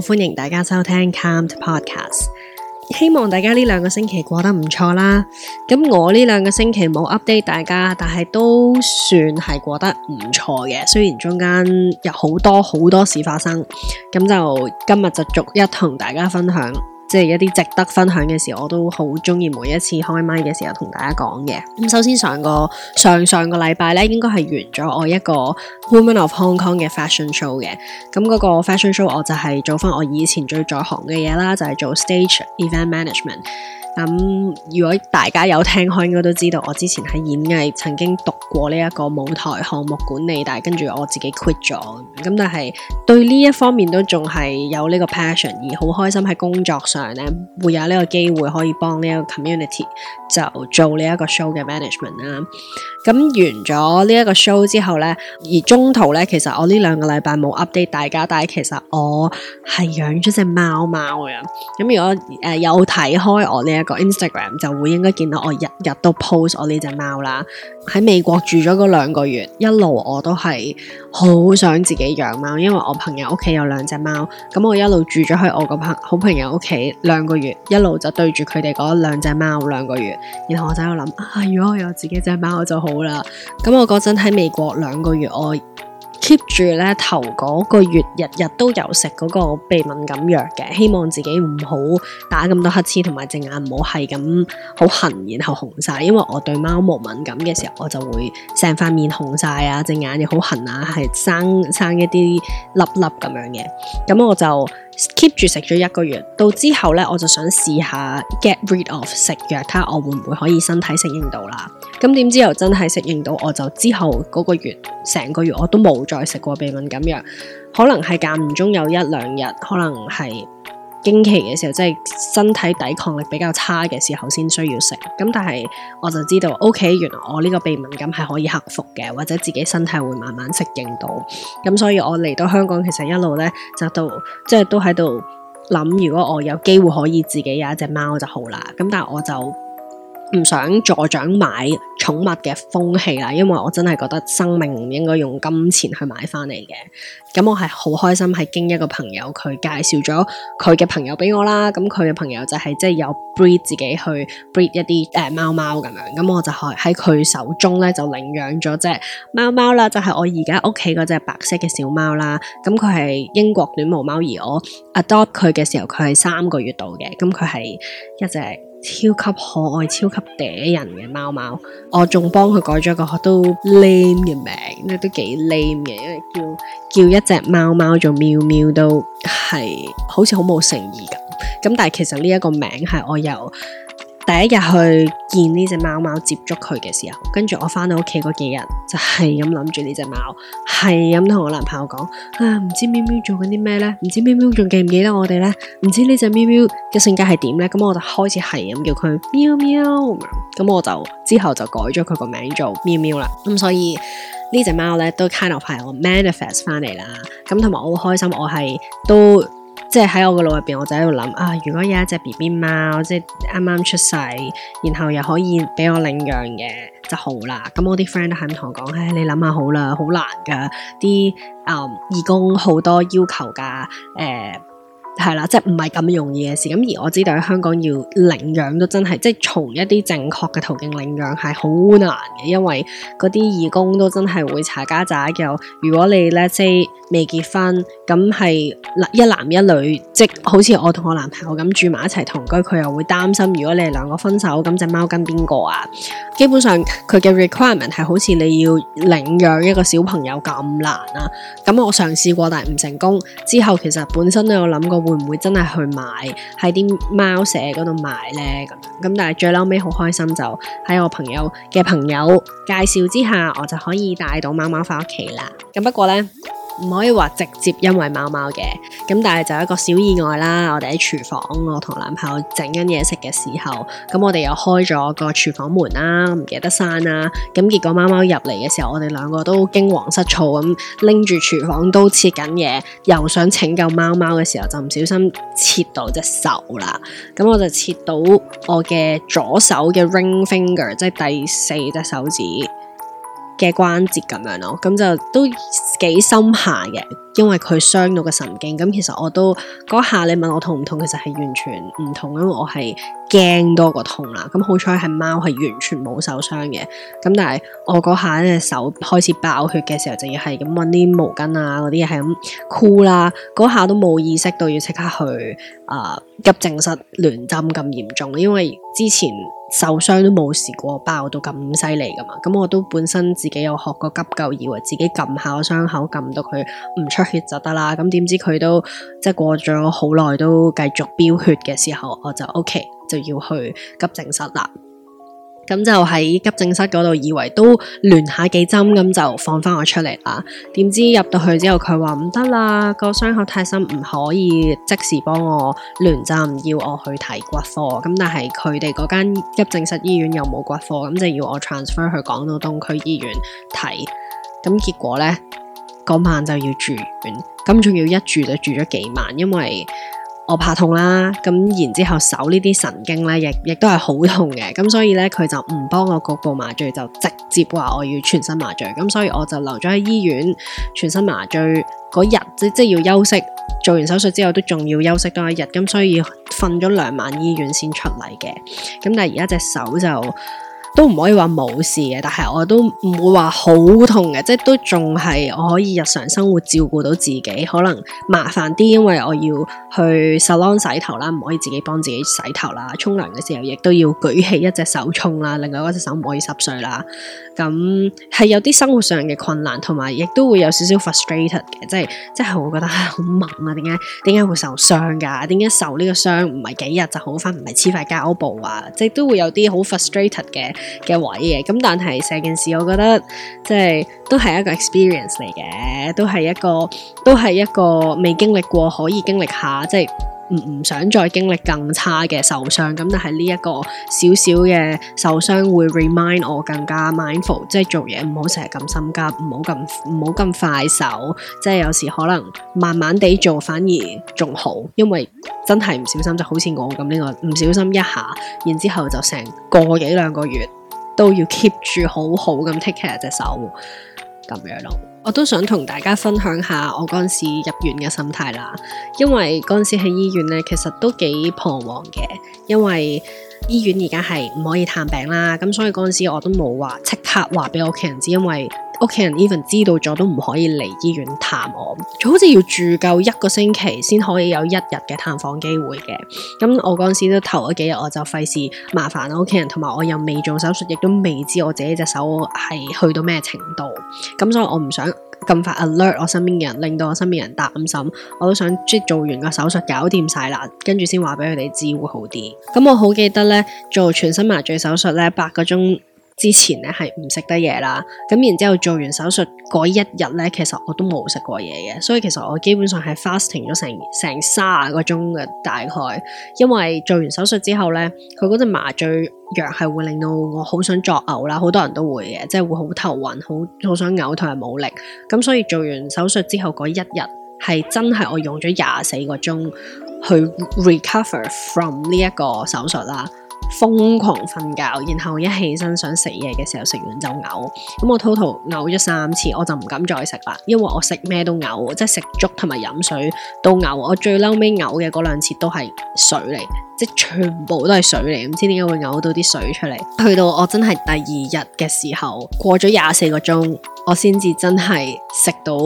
歡迎大家收聽 Calmed Podcast，希望大家呢兩個星期過得唔錯啦。咁我呢兩個星期冇 update 大家，但係都算係過得唔錯嘅。雖然中間有好多好多事發生，咁就今日就逐一同大家分享。即係一啲值得分享嘅事，我都好中意每一次開麥嘅時候同大家講嘅。咁首先上個上上個禮拜咧，應該係完咗我一個 Woman of Hong Kong 嘅 fashion show 嘅。咁嗰個 fashion show 我就係做翻我以前最在行嘅嘢啦，就係做 stage event management。咁、嗯、如果大家有聽開，應該都知道我之前喺演藝曾經讀過呢一個舞台項目管理，但係跟住我自己 quit 咗。咁、嗯、但係對呢一方面都仲係有呢個 passion，而好開心喺工作上咧會有呢個機會可以幫呢一個 community 就做呢一個 show 嘅 management 啦、啊。咁、嗯、完咗呢一個 show 之後咧，而中途咧其實我呢兩個禮拜冇 update 大家，但係其實我係養咗隻貓貓嘅。咁、嗯、如果誒、呃、有睇開我呢、這、一、個個 Instagram 就會應該見到我日日都 post 我呢隻貓啦，喺美國住咗嗰兩個月，一路我都係好想自己養貓，因為我朋友屋企有兩隻貓，咁我一路住咗喺我個朋好朋友屋企兩個月，一路就對住佢哋嗰兩隻貓兩個月，然後我就喺度諗啊，如果我有自己隻貓就好啦，咁我嗰陣喺美國兩個月我。keep 住咧頭嗰個月日日都有食嗰個鼻敏感藥嘅，希望自己唔好打咁多乞嗤，同埋隻眼唔好係咁好痕，然後紅晒。因為我對貓毛敏感嘅時候，我就會成塊面紅晒啊，隻眼又好痕啊，係生生一啲粒粒咁樣嘅。咁我就。keep 住食咗一個月，到之後呢，我就想試下 get rid of 食藥，睇下我會唔會可以身體適應到啦。咁、嗯、點知又真係適應到，我就之後嗰個月成個月我都冇再食過鼻敏感藥，可能係間唔中有一兩日，可能係。經期嘅時候，即係身體抵抗力比較差嘅時候，先需要食。咁但係我就知道，O.K. 原來我呢個鼻敏感係可以克服嘅，或者自己身體會慢慢適應到。咁所以，我嚟到香港，其實一路咧就到，即係都喺度諗，如果我有機會可以自己有一隻貓就好啦。咁但係我就。唔想助長買寵物嘅風氣啦，因為我真係覺得生命唔應該用金錢去買翻嚟嘅。咁我係好開心，係經一個朋友佢介紹咗佢嘅朋友俾我啦。咁佢嘅朋友就係即係有 breed 自己去 breed 一啲誒貓貓咁樣。咁我就喺喺佢手中咧就領養咗隻貓貓啦。就係、是、我而家屋企嗰隻白色嘅小貓啦。咁佢係英國短毛貓，而我 adopt 佢嘅時候佢係三個月度嘅。咁佢係一隻。超級可愛、超級嗲人嘅貓貓，我仲幫佢改咗一個都 lame 嘅名，都都幾 lame 嘅，因為叫叫一隻貓貓做喵喵都係好似好冇誠意咁。咁但係其實呢一個名係我由。第一日去見呢隻貓貓接觸佢嘅時候，跟住我翻到屋企嗰幾日就係咁諗住呢隻貓，係咁同我男朋友講啊，唔知喵喵做緊啲咩咧？唔知喵喵仲記唔記得我哋呢？唔知呢隻喵喵嘅性格係點咧？咁我就開始係咁叫佢喵喵，咁我就之後就改咗佢個名做喵喵啦。咁所以呢隻貓咧都 kind of 係我 manifest 翻嚟啦。咁同埋我好開心，我係都。即係喺我嘅腦入面，我就喺度諗，如果有一隻 B B 貓，即係啱啱出世，然後又可以俾我領養嘅就好啦。咁我啲 friend 都喺度同我講，唉、哎，你諗下好啦，好難㗎，啲誒、嗯、義工好多要求㗎，誒、呃。係啦，即係唔係咁容易嘅事。咁而我知道喺香港要領養都真係，即係從一啲正確嘅途徑領養係好難嘅，因為嗰啲義工都真係會查家宅。又如果你咧即未結婚，咁係一男一女，即好似我同我男朋友咁住埋一齊同居，佢又會擔心如果你哋兩個分手，咁隻貓跟邊個啊？基本上佢嘅 requirement 係好似你要領養一個小朋友咁難啦、啊。咁我嘗試過，但係唔成功。之後其實本身都有諗過。會唔會真係去買喺啲貓舍嗰度買呢？咁樣咁，但係最嬲尾好開心，就喺我朋友嘅朋友介紹之下，我就可以帶到貓貓翻屋企啦。咁不過呢。唔可以話直接因為貓貓嘅咁，但係就有一個小意外啦。我哋喺廚房，我同男朋友整緊嘢食嘅時候，咁我哋又開咗個廚房門啦、啊，唔記得閂啦。咁結果貓貓入嚟嘅時候，我哋兩個都驚惶失措咁拎住廚房刀切緊嘢，又想拯救貓貓嘅時候，就唔小心切到隻手啦。咁我就切到我嘅左手嘅 ring finger，即係第四隻、就是、手指嘅關節咁樣咯。咁就都。幾深下嘅，因為佢傷到個神經，咁其實我都嗰下你問我痛唔痛，其實係完全唔痛，因為我係驚多過痛啦。咁、嗯、好彩係貓係完全冇受傷嘅，咁、嗯、但係我嗰下咧手開始爆血嘅時候，就要係咁搵啲毛巾啊嗰啲係咁箍啦，嗰、啊、下都冇意識到要即刻去啊、呃、急症室聯針咁嚴重，因為之前受傷都冇試過爆到咁犀利噶嘛。咁、嗯、我都本身自己有學過急救，以為自己撳下個傷。口撳到佢唔出血就得啦，咁點知佢都即係過咗好耐都繼續飆血嘅時候，我就 O、OK, K 就要去急症室啦。咁就喺急症室嗰度以為都聯下幾針，咁就放翻我出嚟啦。點知入到去之後，佢話唔得啦，個傷口太深，唔可以即時幫我聯針，要我去睇骨科。咁但係佢哋嗰間急症室醫院又冇骨科，咁就要我 transfer 去港島東區醫院睇。咁結果呢？嗰晚就要住院，咁仲要一住就住咗幾晚，因為我怕痛啦，咁然之後手呢啲神經咧，亦亦都係好痛嘅，咁所以咧佢就唔幫我局部麻醉，就直接話我要全身麻醉，咁所以我就留咗喺醫院全身麻醉嗰日，即即係要休息，做完手術之後都仲要休息多一日，咁所以瞓咗兩晚醫院先出嚟嘅，咁但係而家隻手就。都唔可以話冇事嘅，但係我都唔會話好痛嘅，即係都仲係我可以日常生活照顧到自己，可能麻煩啲，因為我要去 salon 洗頭啦，唔可以自己幫自己洗頭啦，沖涼嘅時候亦都要舉起一隻手沖啦，另外一隻手唔可以濕水啦。咁、嗯、係有啲生活上嘅困難，同埋亦都會有少少 frustrated 嘅，即係即係我覺得啊好猛啊，點解點解會受傷噶？點解受呢個傷唔係幾日就好翻，唔係黐塊膠布啊？即係都會有啲好 frustrated 嘅。嘅位嘅，咁但係成件事，我覺得即係都係一個 experience 嚟嘅，都係一個，都係一個未經歷過可以經歷下，即係。唔唔想再經歷更差嘅受傷咁，但係呢一個少少嘅受傷會 remind 我更加 mindful，即係做嘢唔好成日咁心急，唔好咁唔好咁快手，即係有時可能慢慢地做反而仲好，因為真係唔小心就好似我咁呢個唔小心一下，然之後就成個幾兩個月都要 keep 住好好咁 take care 隻手咁樣咯。我都想同大家分享下我嗰陣時入院嘅心態啦，因為嗰陣時喺醫院咧，其實都幾彷徨嘅，因為，醫院而家係唔可以探病啦，咁所以嗰陣我都冇話即刻話俾屋企人知，因為屋企人 even 知道咗都唔可以嚟醫院探我，就好似要住夠一個星期先可以有一日嘅探訪機會嘅。咁我嗰陣時都頭嗰幾日我就費事麻煩我屋企人，同埋我又未做手術，亦都未知道我自己隻手係去到咩程度，咁所以我唔想。咁快 alert 我身邊嘅人，令到我身邊人擔心，我都想即做完個手術搞掂晒啦，跟住先話畀佢哋知會好啲。咁、嗯、我好記得呢，做全身麻醉手術呢，八個鐘。之前咧係唔食得嘢啦，咁然之後做完手術嗰一日咧，其實我都冇食過嘢嘅，所以其實我基本上係 fasting 咗成成卅個鐘嘅大概，因為做完手術之後咧，佢嗰隻麻醉藥係會令到我好想作嘔啦，好多人都會嘅，即係會好頭暈，好好想嘔同埋冇力，咁所以做完手術之後嗰一日係真係我用咗廿四個鐘去 recover from 呢一個手術啦。瘋狂瞓覺，然後一起身想食嘢嘅時候，食完就嘔，咁、嗯、我 total 嘔咗三次，我就唔敢再食啦，因為我食咩都嘔，即係食粥同埋飲水都嘔，我最嬲尾嘔嘅嗰兩次都係水嚟。即全部都係水嚟，唔知點解會嘔到啲水出嚟。去到我真係第二日嘅時候，過咗廿四個鐘，我先至真係食到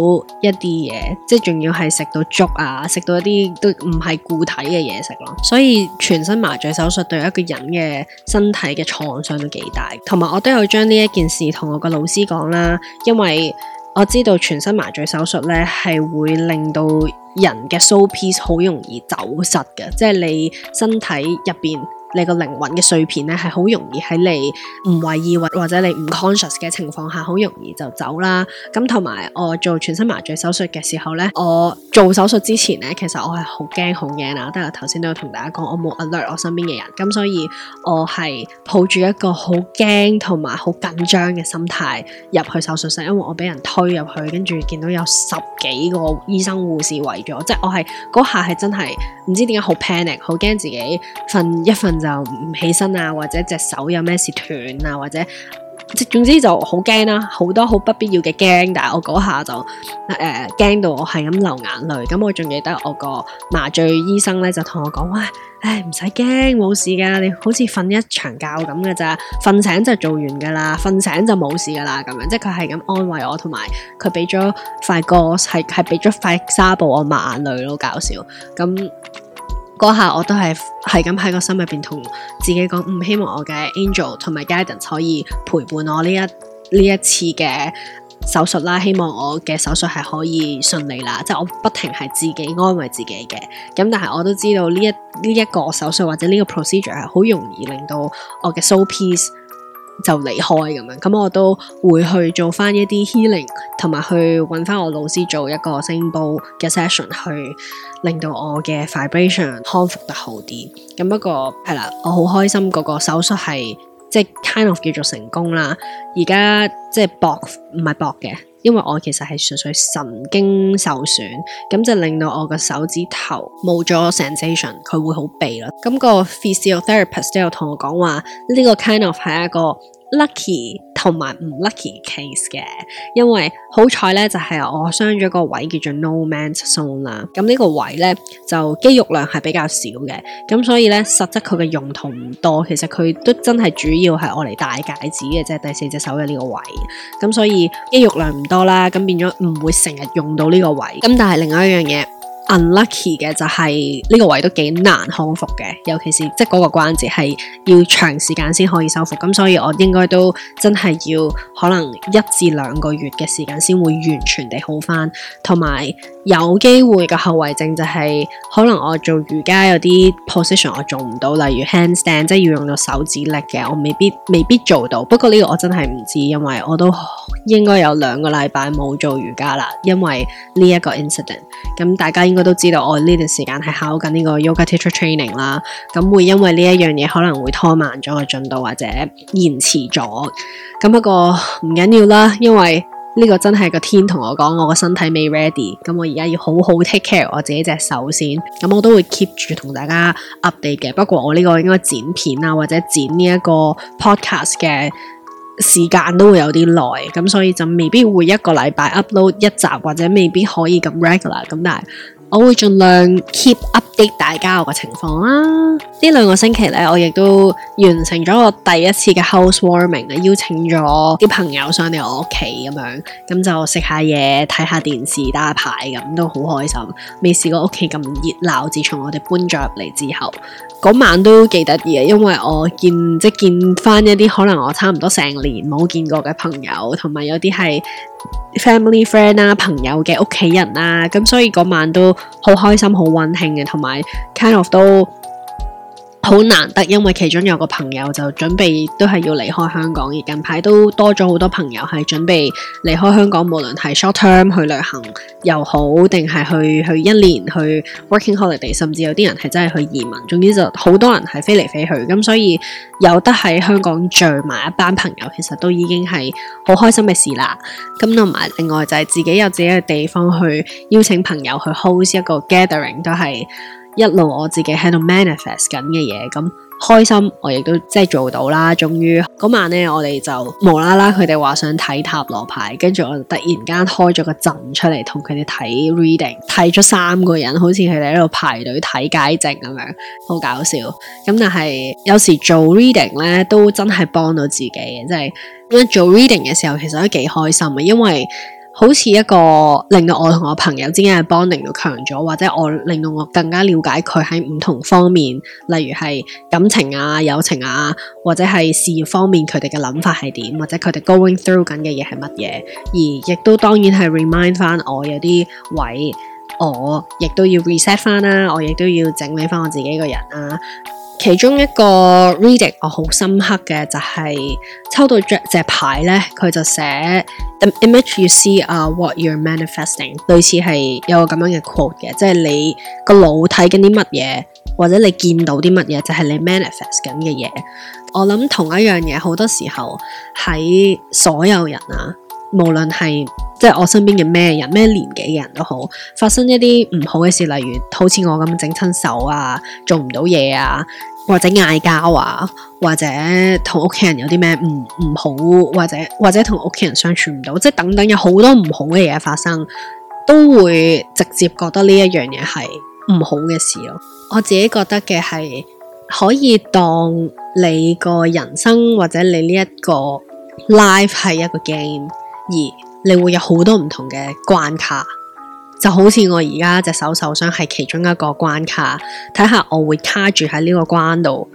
一啲嘢，即係仲要係食到粥啊，食到一啲都唔係固體嘅嘢食咯。所以全身麻醉手術對一個人嘅身體嘅創傷都幾大，同埋我都有將呢一件事同我個老師講啦，因為，我知道全身麻醉手術咧，係會令到人嘅 soul piece 好容易走失嘅，即係你身體入面。你個靈魂嘅碎片咧，係好容易喺你唔為意或或者你唔 conscious 嘅情況下，好容易就走啦。咁同埋我做全身麻醉手術嘅時候咧，我做手術之前咧，其實我係好驚好驚呀。但係頭先都有同大家講，我冇 alert 我身邊嘅人，咁所以我係抱住一個好驚同埋好緊張嘅心態入去手術室，因為我俾人推入去，跟住見到有十幾個醫生護士圍咗，即係我係嗰下係真係唔知點解好 panic，好驚自己瞓一份。就唔起身啊，或者隻手有咩事斷啊，或者即，總之就好驚啦，好多好不必要嘅驚。但係我嗰下就誒，驚到我係咁流眼淚。咁我仲記得我個麻醉醫生咧就同我講：哇，唉唔使驚，冇事噶，你好似瞓一場覺咁噶咋，瞓醒就做完噶啦，瞓醒就冇事噶啦。咁樣，即係佢係咁安慰我，同埋佢俾咗塊個係係俾咗塊紗布我抹眼淚咯，好搞笑咁。嗰下我都係係咁喺個心入邊同自己講，唔、嗯、希望我嘅 Angel 同埋 Guidance 可以陪伴我呢一呢一次嘅手術啦。希望我嘅手術係可以順利啦，即係我不停係自己安慰自己嘅。咁、嗯、但係我都知道呢一呢一、呢個手術或者呢個 procedure 係好容易令到我嘅 soul piece。就離開咁樣，咁我都會去做翻一啲 healing，同埋去揾翻我老師做一個聲波嘅 session，去令到我嘅 vibration 康復得好啲。咁不過係啦，我好開心嗰個手術係即係 kind of 叫做成功啦。而家即係搏，唔係搏嘅。因為我其實係純粹神經受損，咁就令到我個手指頭冇咗 sensation，佢會好痹啦。咁、嗯這個 physiotherapist 都有同我講話，呢、這個 kind of 係一個。lucky 同埋唔 lucky case 嘅，因為好彩咧就係、是、我傷咗個位叫做 No Man's Zone 啦，咁呢個位咧就肌肉量係比較少嘅，咁所以咧實質佢嘅用途唔多，其實佢都真係主要係我嚟帶戒指嘅啫，第四隻手嘅呢個位，咁所以肌肉量唔多啦，咁變咗唔會成日用到呢個位，咁但係另外一樣嘢。Unlucky 嘅就係、是、呢、這個位都幾難康復嘅，尤其是即係嗰個關節係要長時間先可以修復，咁所以我應該都真係要可能一至兩個月嘅時間先會完全地好翻，同埋。有機會嘅後遺症就係可能我做瑜伽有啲 position 我做唔到，例如 handstand 即係要用到手指力嘅，我未必未必做到。不過呢個我真係唔知，因為我都應該有兩個禮拜冇做瑜伽啦，因為呢一個 incident、嗯。咁大家應該都知道我呢段時間係考緊呢個 yoga teacher training 啦、嗯，咁會因為呢一樣嘢可能會拖慢咗個進度或者延遲咗。咁、嗯、不過唔緊要啦，因為。呢個真係個天同我講，我個身體未 ready，咁我而家要好好 take care 我自己隻手先。咁我都會 keep 住同大家 update 嘅。不過我呢個應該剪片啊，或者剪呢一個 podcast 嘅時間都會有啲耐，咁所以就未必會一個禮拜 upload 一集，或者未必可以咁 regular。咁但係。我會盡量 keep update 大家我個情況啦。呢兩個星期呢，我亦都完成咗我第一次嘅 housewarming，邀請咗啲朋友上嚟我屋企咁樣，咁就食下嘢、睇下電視、打下牌咁，都好開心。未試過屋企咁熱鬧，自從我哋搬咗入嚟之後，嗰晚都幾得意啊，因為我見即係見翻一啲可能我差唔多成年冇見過嘅朋友，同埋有啲係。family friend 啦、啊、朋友嘅屋企人啦、啊，咁所以嗰晚都好開心好溫馨嘅，同埋 kind of 都。好難得，因為其中有個朋友就準備都係要離開香港，而近排都多咗好多朋友係準備離開香港，無論係 short term 去旅行又好，定係去去一年去 working holiday，甚至有啲人係真係去移民。總之就好多人係飛嚟飛去，咁所以有得喺香港聚埋一班朋友，其實都已經係好開心嘅事啦。咁同埋另外就係自己有自己嘅地方去邀請朋友去 host 一個 gathering，都係。一路我自己喺度 manifest 緊嘅嘢，咁開心我亦都即係做到啦。終於嗰晚呢，我哋就無啦啦佢哋話想睇塔羅牌，跟住我突然間開咗個陣出嚟同佢哋睇 reading，睇咗三個人，好似佢哋喺度排隊睇街症咁樣，好搞笑。咁但係有時做 reading 呢都真係幫到自己嘅，即係做 reading 嘅時候其實都幾開心嘅，因為，好似一個令到我同我朋友之間嘅 bonding 都強咗，或者我令到我更加了解佢喺唔同方面，例如係感情啊、友情啊，或者係事業方面佢哋嘅諗法係點，或者佢哋 going through 緊嘅嘢係乜嘢，而亦都當然係 remind 翻我有啲位我、啊，我亦都要 reset 翻啦，我亦都要整理翻我自己個人啊。其中一個 reading 我、哦、好深刻嘅就係、是、抽到這隻牌咧，佢就寫 The image you see 啊、uh，what you're manifesting，類似係有個咁樣嘅 quote 嘅，即係你個腦睇緊啲乜嘢，或者你見到啲乜嘢，就係、是、你 manifest 緊嘅嘢。我諗同一樣嘢，好多時候喺所有人啊。無論係即係我身邊嘅咩人，咩年紀嘅人都好，發生一啲唔好嘅事，例如好似我咁整親手啊，做唔到嘢啊，或者嗌交啊，或者同屋企人有啲咩唔唔好，或者或者同屋企人相處唔到，即係等等有好多唔好嘅嘢發生，都會直接覺得呢一樣嘢係唔好嘅事咯。我自己覺得嘅係可以當你個人生或者你呢一個 life 係一個 game。而你會有好多唔同嘅關卡，就好似我而家隻手受傷係其中一個關卡，睇下我會卡住喺呢個關度，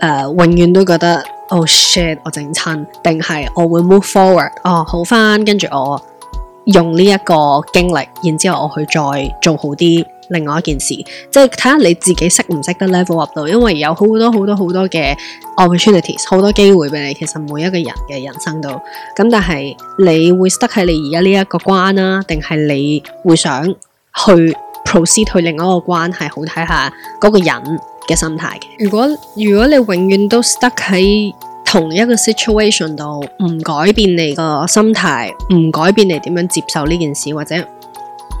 誒、呃，永遠都覺得 oh shit，我整親，定係我會 move forward，哦、oh，好翻，跟住我用呢一個經歷，然之後我去再做好啲。另外一件事，即係睇下你自己識唔識得 level up 到，因為有好多好多好多嘅 opportunities，好多機會俾你。其實每一個人嘅人生度，咁但係你會 stuck 喺你而家呢一個關啦，定係你會想去 proceed 去另外一個關，係好睇下嗰個人嘅心態嘅。如果如果你永遠都 stuck 喺同一個 situation 度，唔改變你個心態，唔改變你點樣接受呢件事，或者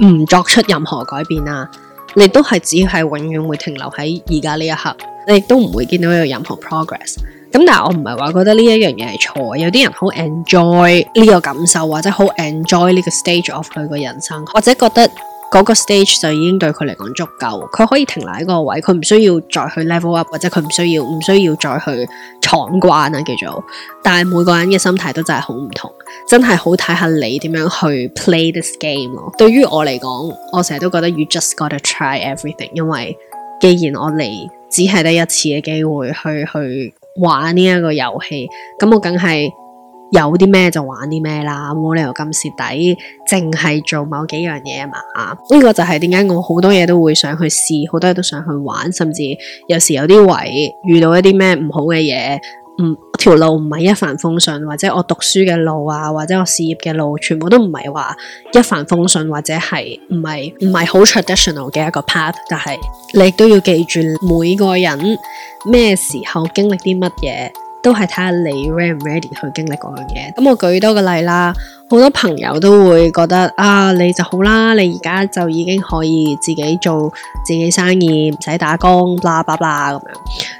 唔作出任何改變啊，你都係只係永遠會停留喺而家呢一刻，你亦都唔會見到有任何 progress。咁但係我唔係話覺得呢一樣嘢係錯的，有啲人好 enjoy 呢個感受，或者好 enjoy 呢個 stage of 佢嘅人生，或者覺得，嗰個 stage 就已經對佢嚟講足夠，佢可以停喺嗰個位，佢唔需要再去 level up，或者佢唔需要唔需要再去闖關啊叫做。但係每個人嘅心態都真係好唔同，真係好睇下你點樣去 play this game 咯。 對於我嚟講，我成日都覺得 you just gotta try everything，因為既然我嚟只係得一次嘅機會去去玩呢一個遊戲，咁我梗係。有啲咩就玩啲咩啦，冇理由咁蝕底，淨係做某幾樣嘢啊嘛！呢個就係點解我好多嘢都會想去試，好多嘢都想去玩，甚至有時有啲位遇到一啲咩唔好嘅嘢，嗯，條路唔係一帆風順，或者我讀書嘅路啊，或者我事業嘅路，全部都唔係話一帆風順，或者係唔係唔係好 traditional 嘅一個 path，但係你都要記住，每個人咩時候經歷啲乜嘢。都係睇下你 ready 唔 ready 去經歷嗰樣嘢。咁我舉多個例啦，好多朋友都會覺得啊，你就好啦，你而家就已經可以自己做自己生意，唔使打工，啦啦啦咁樣。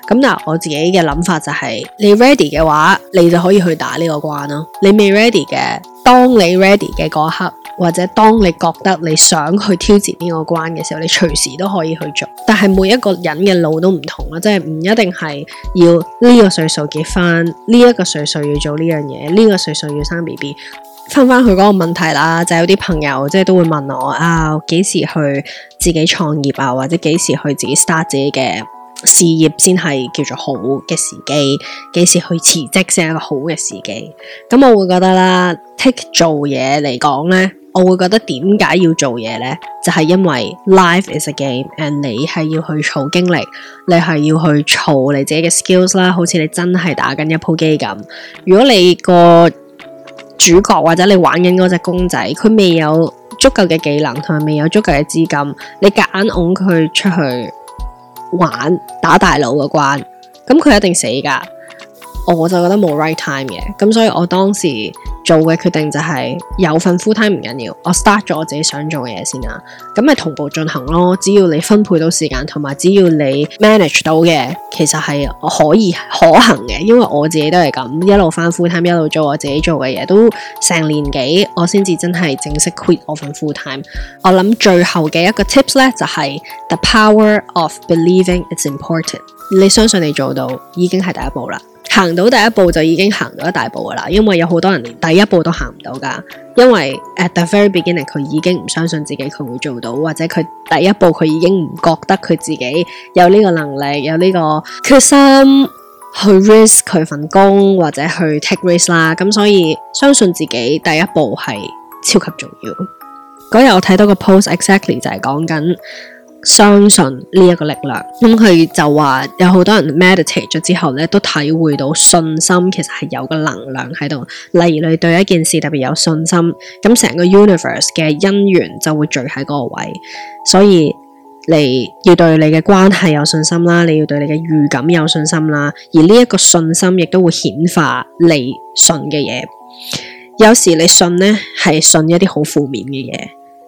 咁嗱，我自己嘅諗法就係，你 ready 嘅話，你就可以去打呢個關啦。你未 ready 嘅，當你 ready 嘅嗰一刻，或者當你覺得你想去挑戰呢個關嘅時候，你隨時都可以去做。但係每一個人嘅路都唔同啦，即係唔一定係要呢個歲數結婚，呢一個歲數要做呢樣嘢，呢個歲數要生 BB。返返去嗰個問題啦，就有啲朋友即係都會問我啊，幾時去自己創業啊，或者幾時去自己 start 自己嘅事業先係叫做好嘅時機？幾時去辭職先係一個好嘅時機？咁我會覺得啦，take 做嘢嚟講呢。我會覺得點解要做嘢呢？就係因為 life is a game，and 你係要去儲經歷，你係要去儲你自己嘅 skills 啦。好似你真係打緊一鋪機咁，如果你個主角或者你玩緊嗰隻公仔，佢未有足夠嘅技能，同埋未有足夠嘅資金，你夾硬㧬佢出去玩打大佬嘅關，咁佢一定死噶。我就覺得冇 right time 嘅，咁所以我當時。做嘅決定就係、是、有份 full time 唔緊要，我 start 咗我自己想做嘅嘢先啦，咁咪同步進行咯。只要你分配到時間，同埋只要你 manage 到嘅，其實係可以可行嘅。因為我自己都係咁一路返 full time，一路做我自己做嘅嘢，都成年幾，我先至真係正式 quit 我份 full time。我諗最後嘅一個 tips 呢，就係、是、the power of believing is important。你相信你做到，已經係第一步啦。行到第一步就已經行咗一大步噶啦，因為有好多人連第一步都行唔到噶，因為 at the very beginning 佢已經唔相信自己佢會做到，或者佢第一步佢已經唔覺得佢自己有呢個能力，有呢個決心去 risk 佢份工或者去 take risk 啦，咁所以相信自己第一步係超級重要。嗰日我睇到個 post exactly 就係講緊。相信呢一個力量，咁、嗯、佢就話有好多人 meditate 咗之後咧，都體會到信心其實係有個能量喺度。例如你對一件事特別有信心，咁、嗯、成個 universe 嘅因緣就會聚喺嗰個位。所以你要對你嘅關係有信心啦，你要對你嘅預感有信心啦，而呢一個信心亦都會顯化你信嘅嘢。有時你信呢係信一啲好負面嘅嘢。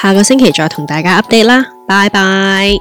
下個星期再同大家 update 啦，拜拜。